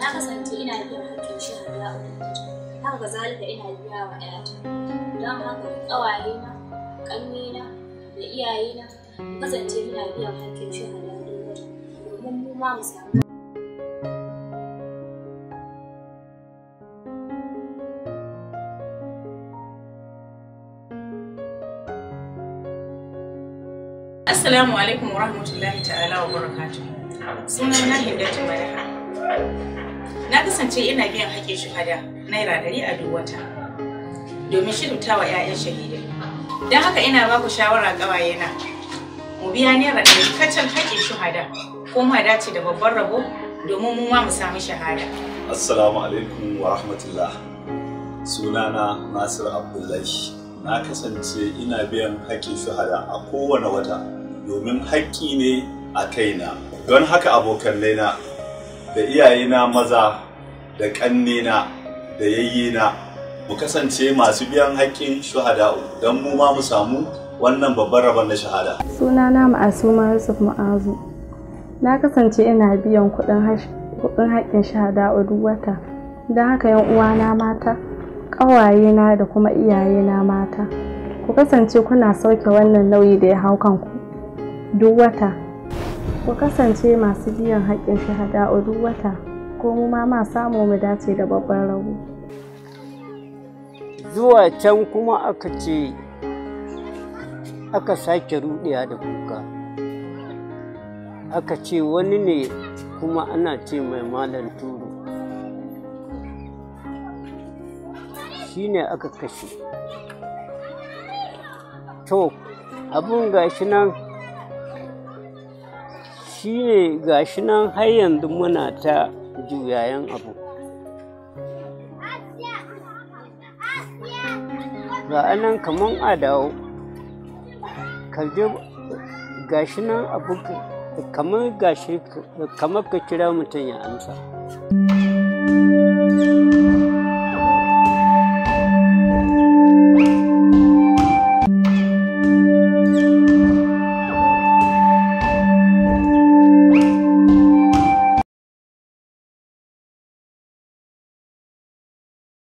na kasance ina biyan hakkin shi a haka ina biya wa ƴata haka ƙawaye na ƙanni na da iyaye na kasance ina biyan hakkin shi a domin mu mu samu Assalamu alaikum wa rahmatullahi ta'ala wa barakatuhu. ta bayyana. na kasance ina biyan haƙƙin shahada naira ɗari a duk wata domin shirta wa 'ya'yan shahidai don haka ina ba ku shawara ƙawayena mu biya naira ɗari kacal haƙƙin shahada ko ma dace da babban rabo domin mu ma mu samu shahada assalamu alaikum wa rahmatullah sunana nasir abdullahi na kasance ina biyan haƙƙin shahada a kowane wata domin haƙƙi ne a kaina don haka abokan laina da iyayena maza da ƙannena da yayyena mu kasance masu biyan haƙƙin shuhada don mu ma mu samu wannan babban rabon na shahada. Sunana Ma'asuma Yusuf Ma'azu. Na kasance ina biyan kuɗin haƙƙin shahada'u duk wata. Don haka yan uwana mata, ƙawayena da kuma iyayena mata. Ku kasance kuna sauke wannan nauyi da ya hau kanku duk wata. Ku kasance masu biyan haƙƙin a duk wata, ko mu ma ma samu mu dace da babban rabo. Zuwa can kuma aka ce aka sake ruɗiya da kuka. Aka ce wani ne kuma ana ce mai malam turu. Shi ne aka kashe. To, abin gashi nan ga shi nan har yanzu muna ta juyayen abu ga anan kaman a dawo gashi nan abu kamar shi kamar ka kira mutum ya amsa